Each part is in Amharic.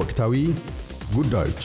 ወቅታዊ ጉዳዮች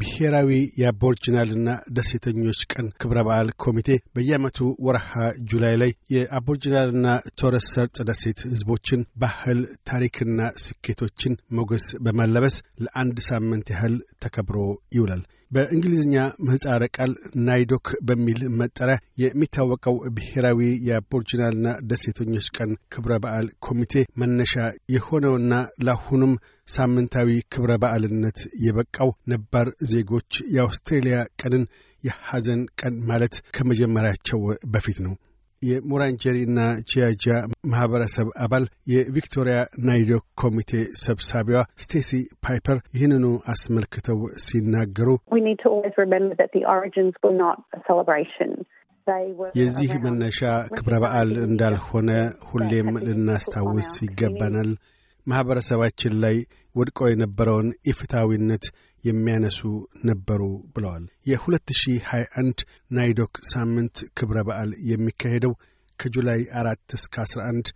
ብሔራዊ የአቦርጅናልና ደሴተኞች ቀን ክብረ በዓል ኮሚቴ በየዓመቱ ወረሃ ጁላይ ላይ የአቦርጅናልና ቶረስ ሰርጥ ደሴት ህዝቦችን ባህል፣ ታሪክና ስኬቶችን ሞገስ በማለበስ ለአንድ ሳምንት ያህል ተከብሮ ይውላል። በእንግሊዝኛ ምህፃረ ቃል ናይዶክ በሚል መጠሪያ የሚታወቀው ብሔራዊ የአቦርጅናልና ደሴተኞች ቀን ክብረ በዓል ኮሚቴ መነሻ የሆነውና ለአሁኑም ሳምንታዊ ክብረ በዓልነት የበቃው ነባር ዜጎች የአውስትሬልያ ቀንን የሐዘን ቀን ማለት ከመጀመሪያቸው በፊት ነው። የሙራንጀሪና ቺያጃ ማህበረሰብ አባል የቪክቶሪያ ናይዶ ኮሚቴ ሰብሳቢዋ ስቴሲ ፓይፐር ይህንኑ አስመልክተው ሲናገሩ የዚህ መነሻ ክብረ በዓል እንዳልሆነ ሁሌም ልናስታውስ ይገባናል። ማኅበረሰባችን ላይ ወድቆ የነበረውን ኢፍታዊነት የሚያነሱ ነበሩ ብለዋል። የ2021 ናይዶክ ሳምንት ክብረ በዓል የሚካሄደው ከጁላይ 4 እስከ 11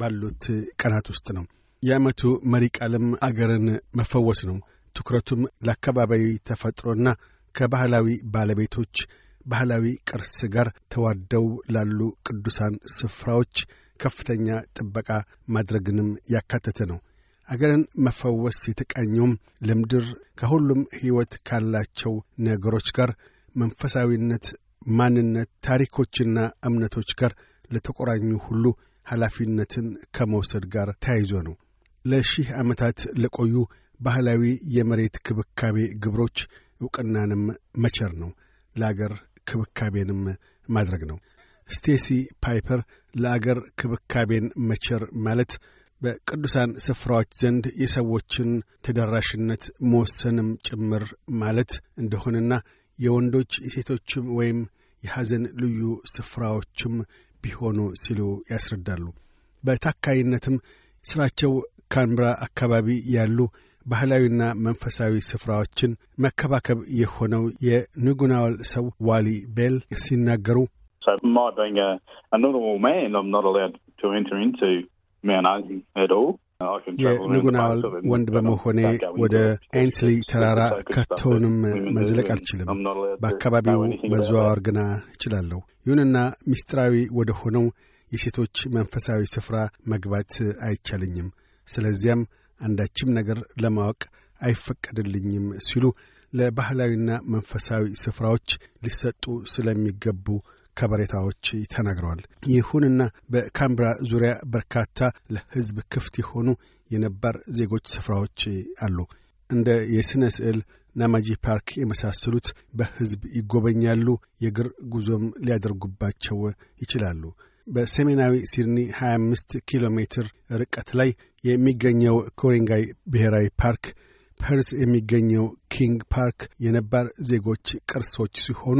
ባሉት ቀናት ውስጥ ነው። የዓመቱ መሪ ቃልም አገርን መፈወስ ነው። ትኩረቱም ለአካባቢያዊ ተፈጥሮና ከባህላዊ ባለቤቶች ባህላዊ ቅርስ ጋር ተዋደው ላሉ ቅዱሳን ስፍራዎች ከፍተኛ ጥበቃ ማድረግንም ያካተተ ነው። አገርን መፈወስ የተቃኘውም ለምድር ከሁሉም ሕይወት ካላቸው ነገሮች ጋር መንፈሳዊነት፣ ማንነት፣ ታሪኮችና እምነቶች ጋር ለተቆራኙ ሁሉ ኃላፊነትን ከመውሰድ ጋር ተያይዞ ነው። ለሺህ ዓመታት ለቆዩ ባህላዊ የመሬት ክብካቤ ግብሮች ዕውቅናንም መቸር ነው። ለአገር ክብካቤንም ማድረግ ነው። ስቴሲ ፓይፐር ለአገር ክብካቤን መቸር ማለት በቅዱሳን ስፍራዎች ዘንድ የሰዎችን ተደራሽነት መወሰንም ጭምር ማለት እንደሆነና የወንዶች የሴቶችም ወይም የሐዘን ልዩ ስፍራዎችም ቢሆኑ ሲሉ ያስረዳሉ። በታካይነትም ሥራቸው ካንብራ አካባቢ ያሉ ባህላዊና መንፈሳዊ ስፍራዎችን መከባከብ የሆነው የንጉናዋል ሰው ዋሊ ቤል ሲናገሩ የንጉናዋል ወንድ በመሆኔ ወደ አይንስሊ ተራራ ከቶንም መዝለቅ አልችልም። በአካባቢው መዘዋወር ግና እችላለሁ። ይሁንና ምስጢራዊ ወደ ሆነው የሴቶች መንፈሳዊ ስፍራ መግባት አይቻለኝም። ስለዚያም አንዳችም ነገር ለማወቅ አይፈቀድልኝም ሲሉ ለባህላዊና መንፈሳዊ ስፍራዎች ሊሰጡ ስለሚገቡ ከበሬታዎች ተናግረዋል። ይሁንና በካምብራ ዙሪያ በርካታ ለሕዝብ ክፍት የሆኑ የነባር ዜጎች ስፍራዎች አሉ። እንደ የሥነ ስዕል ናማጂ ፓርክ የመሳሰሉት በሕዝብ ይጎበኛሉ። የእግር ጉዞም ሊያደርጉባቸው ይችላሉ። በሰሜናዊ ሲድኒ 25 ኪሎ ሜትር ርቀት ላይ የሚገኘው ኮሪንጋይ ብሔራዊ ፓርክ፣ ፐርስ የሚገኘው ኪንግ ፓርክ የነባር ዜጎች ቅርሶች ሲሆኑ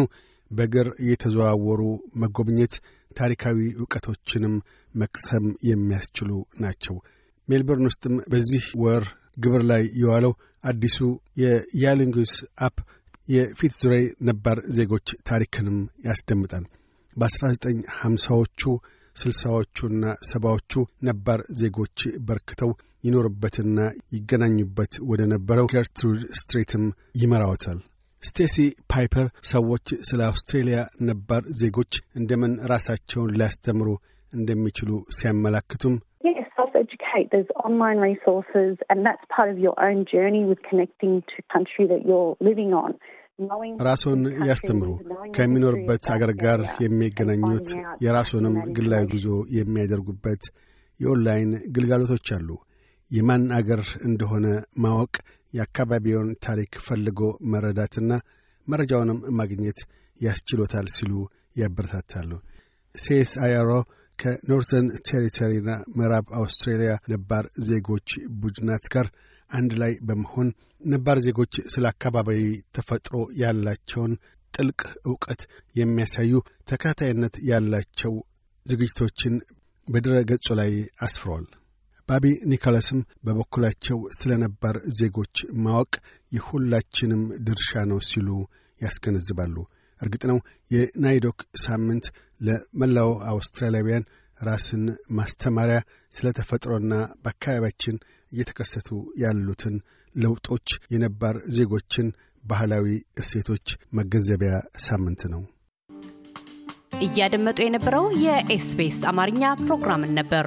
በእግር እየተዘዋወሩ መጎብኘት ታሪካዊ ዕውቀቶችንም መቅሰም የሚያስችሉ ናቸው። ሜልበርን ውስጥም በዚህ ወር ግብር ላይ የዋለው አዲሱ የያሊንጉስ አፕ ዙሬ ነባር ዜጎች ታሪክንም ያስደምጣል። ዘጠኝ ሀምሳዎቹ ስልሳዎቹና ሰባዎቹ ነባር ዜጎች በርክተው ይኖርበትና ይገናኙበት ወደ ነበረው ገርትሩድ ስትሬትም ይመራዎታል። ስቴሲ ፓይፐር ሰዎች ስለ አውስትሬልያ ነባር ዜጎች እንደምን ራሳቸውን ሊያስተምሩ እንደሚችሉ ሲያመላክቱም there's online resources and that's part of your own journey with connecting to country that you're living on. ራስዎን ያስተምሩ። ከሚኖርበት አገር ጋር የሚገናኙት የራስዎንም ግላዊ ጉዞ የሚያደርጉበት የኦንላይን ግልጋሎቶች አሉ። የማን አገር እንደሆነ ማወቅ የአካባቢውን ታሪክ ፈልጎ መረዳትና መረጃውንም ማግኘት ያስችሎታል ሲሉ ያበረታታሉ። ሴስ አያሮ ከኖርዘርን ቴሪተሪና ምዕራብ አውስትሬልያ ነባር ዜጎች ቡድናት ጋር አንድ ላይ በመሆን ነባር ዜጎች ስለ አካባቢዊ ተፈጥሮ ያላቸውን ጥልቅ ዕውቀት የሚያሳዩ ተከታታይነት ያላቸው ዝግጅቶችን በድረ ገጹ ላይ አስፍሯል። ባቢ ኒኮላስም በበኩላቸው ስለ ነባር ዜጎች ማወቅ የሁላችንም ድርሻ ነው ሲሉ ያስገነዝባሉ። እርግጥ ነው የናይዶክ ሳምንት ለመላው አውስትራሊያውያን ራስን ማስተማሪያ ስለ ተፈጥሮና በአካባቢያችን እየተከሰቱ ያሉትን ለውጦች፣ የነባር ዜጎችን ባህላዊ እሴቶች መገንዘቢያ ሳምንት ነው። እያደመጡ የነበረው የኤስፔስ አማርኛ ፕሮግራምን ነበር።